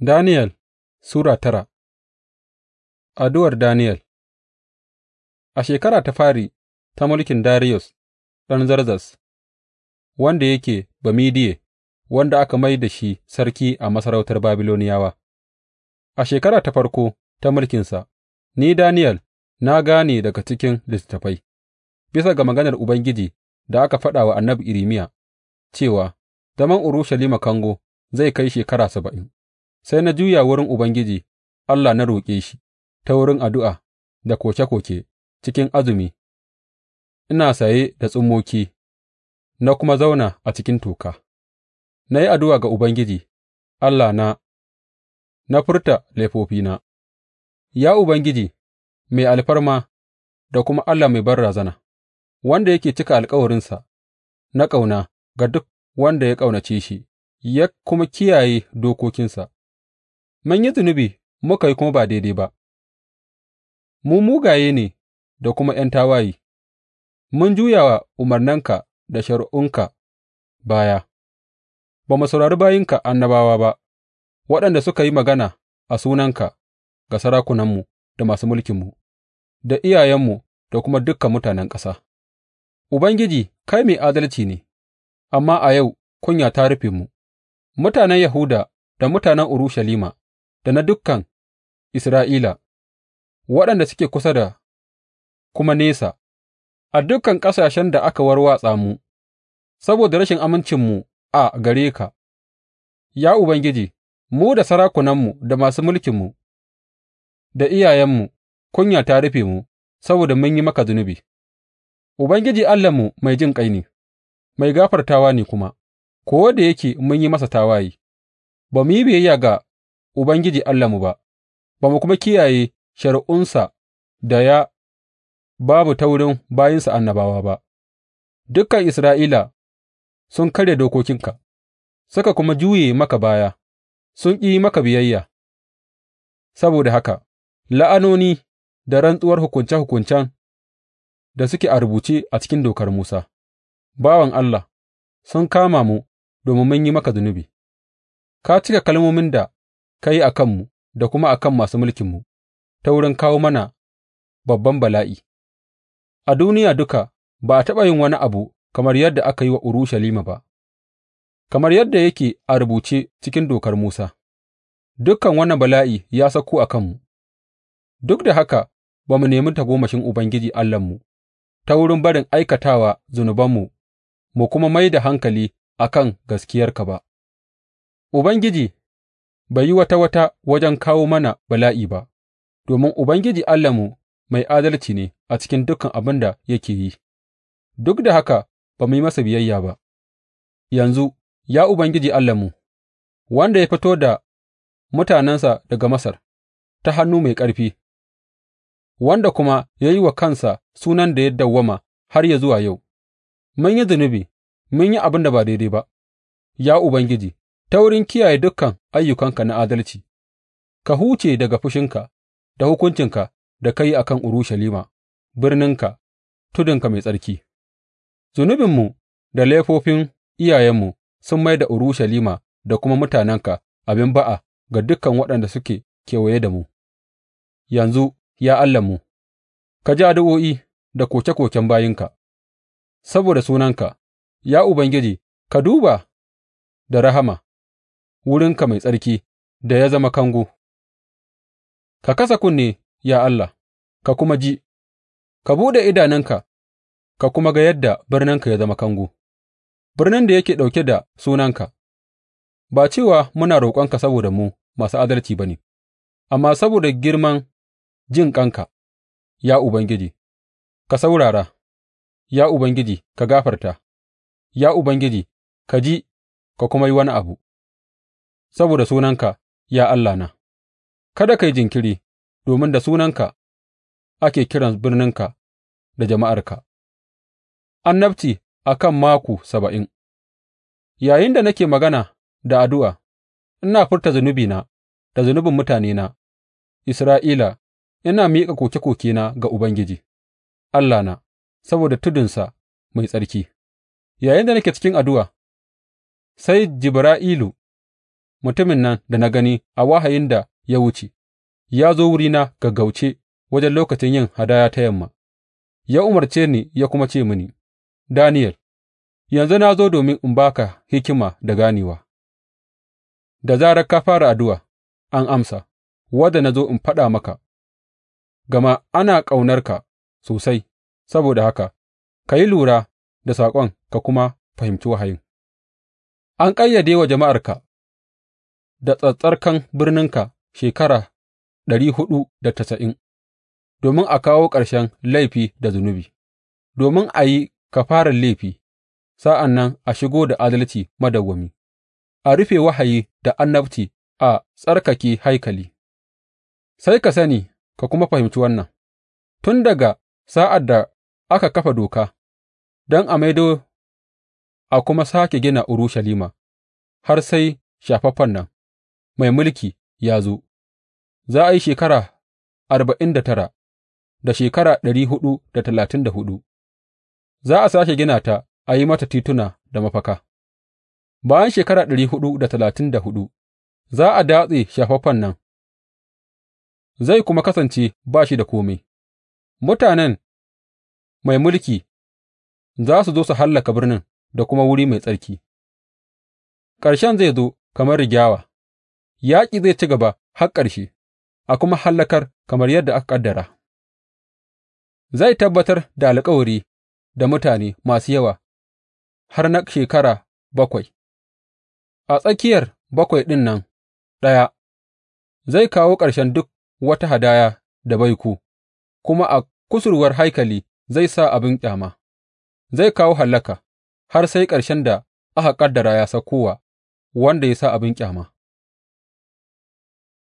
Daniyel Sura tara Addu'ar Daniyel A shekara ta fari ta mulkin Dariyus ɗan zarzas wanda yake Bamidiye, wanda aka mai da shi sarki a masarautar Babiloniyawa, a shekara ta farko ta mulkinsa, ni Daniyel na gane daga cikin littattafai, bisa ga maganar Ubangiji da aka faɗa wa annabi irimiya cewa zaman Urushalima kango zai kai shekara saba'in. Sai na juya wurin Ubangiji Allah na roƙe shi ta wurin addu'a da koke koke cikin azumi, ina saye da tsummoki na kuma zauna a cikin toka; na yi addu'a ga Ubangiji Allah na Na furta laifofina, Ya Ubangiji, mai alfarma da kuma Allah mai razana wanda yake cika alkawarinsa na ƙauna ga duk wanda ya ƙaunace shi ya kuma kiyaye dokokinsa. mun yi zunubi muka yi kuma ba daidai ba, mu mugaye ne da kuma ’yan tawaye, mun juya wa umarnanka da shari'unka baya, ba mu saurari bayinka annabawa ba, waɗanda suka yi magana a sunanka ga sarakunanmu da masu mulkinmu, da iyayenmu da kuma dukan mutanen ƙasa. Ubangiji, kai mai adalci ne, amma a yau kunya ta rufe mu, mutanen Yahuda da mutanen Urushalima da na dukan Isra'ila, waɗanda suke kusa da kuma nesa, a dukan ƙasashen da aka warwatsa mu, saboda rashin amincinmu a gare ka, ya Ubangiji, mu da sarakunanmu da masu mulkinmu da iyayenmu, kunya ta rufe mu saboda mun yi maka zunubi. Ubangiji Allahnmu mai ƙai ne, mai gafartawa ne kuma, ko da yake mun yi masa tawaye, ba mu yi biyayya ga Ubangiji Allahnmu ba, ba mu kuma kiyaye shari'unsa da ya babu ta wurin bayinsa annabawa ba, dukan Isra'ila sun karya dokokinka suka kuma juye maka baya, sun ƙi maka biyayya, saboda haka la'anoni da rantsuwar hukunce hukuncen da suke a rubuce a cikin dokar Musa, bawan Allah, sun kama mu domin mun yi maka zunubi, ka cika kalmomin da ka yi a kanmu da kuma a kan masu mulkinmu ta wurin kawo mana babban bala'i, a duniya duka ba a taɓa yin wani abu kamar yadda aka yi wa Urushalima ba, kamar yadda yake a rubuce cikin dokar Musa, Dukkan wannan bala'i ya sauko a kanmu, duk da haka ba mu nemi tagomashin Ubangiji Allahnmu ta wurin barin aikatawa zunubanmu mu kuma mai da hankali a kan gaskiyarka ba. Ubangiji bai yi wata wata wajen kawo mana bala'i ba, domin Ubangiji Allahnmu mai adalci ne a cikin dukan abin da yake yi, duk da haka ba mu yi masa biyayya ba. Yanzu, ya Ubangiji Allahnmu, wanda ya fito da mutanensa daga Masar ta hannu mai ƙarfi, wanda kuma ya yi wa kansa sunan da ya dawwama har ya zuwa yau, mun yi zunubi, mun yi abin da ba daidai ba, ya Ubangiji. ta wurin kiyaye dukan ayyukanka na adalci, ka huce daga fushinka da hukuncinka da ka yi a kan Urushalima, birninka, tudunka mai tsarki. Zunubinmu da laifofin iyayenmu sun mai da Urushalima da kuma mutanenka abin ba'a ga dukan waɗanda suke kewaye da mu. Yanzu, ya Allahnmu, ka ji addu'o'i da koke koken bayinka, saboda sunanka, ya Ubangiji, ka duba da rahama. wurinka mai tsarki da ya zama kango; ka kasa kunne, ya Allah, ka kuma ji, ka buɗe idanunka ka kuma ga yadda birninka ya zama kango, birnin da yake ɗauke da sunanka, ba cewa muna roƙonka saboda mu masu adalci ba ne, amma saboda girman jin ƙanka ya Ubangiji, ka saurara, ya Ubangiji, ka gafarta, ya Ubangiji, ka ji ka kuma yi wani abu. saboda sunanka, ya Allahna, kada ka yi jinkiri, domin da sunanka ake kiran birninka da jama'arka, annabci a kan maku saba'in Yayin da nake magana da addu'a, ina furta zunubina da zunubin mutanena, Isra'ila, ina miƙa koke na ga Ubangiji, Allahna, saboda tudunsa mai tsarki, Yayin da nake cikin addu'a, sai Jibra'ilu mutumin nan da na gani a wahayin da ya wuce, ya zo wurina gaggauce wajen lokacin yin hadaya ta yamma, ya umarce ni ya kuma ce mini, Daniyel, yanzu na zo domin in ba ka hikima da ganewa, da zarar ka fara addu'a, an amsa, wadda na zo in faɗa maka, gama ana ƙaunarka sosai, saboda haka, ka yi lura da saƙon ka kuma fahimci wahayin. An ƙayyade wa jama'arka da tsattsarkan birninka shekara ɗari huɗu da tasa'in, domin a kawo ƙarshen laifi da zunubi, domin a yi kafarar laifi, sa'an nan a shigo da adalci madawwami, a rufe wahayi da annabci a tsarkake haikali. Sai ka sani ka kuma fahimci wannan, tun daga sa'ad da aka kafa doka, don a maido a kuma sāke gina Urushalima har sai shafaffen nan. mai mulki ya zo, za a yi shekara arba'in da tara da shekara ɗari huɗu da talatin da hudu. za a sāke gina ta a yi mata tituna da mafaka, bayan shekara ɗari huɗu da talatin da hudu, za a datse shafaffen nan, zai kuma kasance ba shi da kome, mutanen mai mulki za su zo su hallaka birnin da kuma wuri mai tsarki, ƙarshen zai zo kamar rigyawa. yaƙi zai ci gaba har ƙarshe a kuma hallakar kamar yadda aka ƙaddara. Zai tabbatar da alkawari da mutane masu yawa har na shekara bakwai, a tsakiyar bakwai ɗin nan ɗaya, zai kawo ƙarshen duk wata hadaya da baiku, kuma a kusurwar haikali zai sa abin ƙyama, zai kawo hallaka har sai ƙarshen da aka ƙaddara ya sauko wa wanda ya sa abin ƙyama.